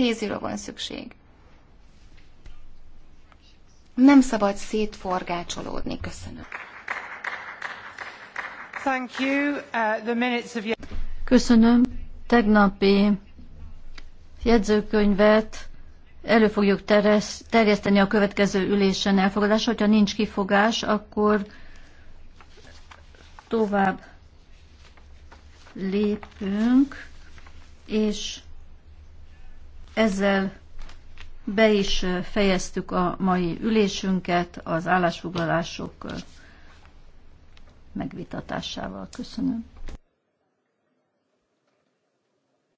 Vízióra van szükség. Nem szabad szétforgácsolódni. Köszönöm. Thank you. Uh, the minutes of... Köszönöm. Tegnapi jegyzőkönyvet elő fogjuk teres, terjeszteni a következő ülésen elfogadás. Hogyha nincs kifogás, akkor tovább lépünk, és ezzel be is fejeztük a mai ülésünket az állásfoglalások megvitatásával. Köszönöm.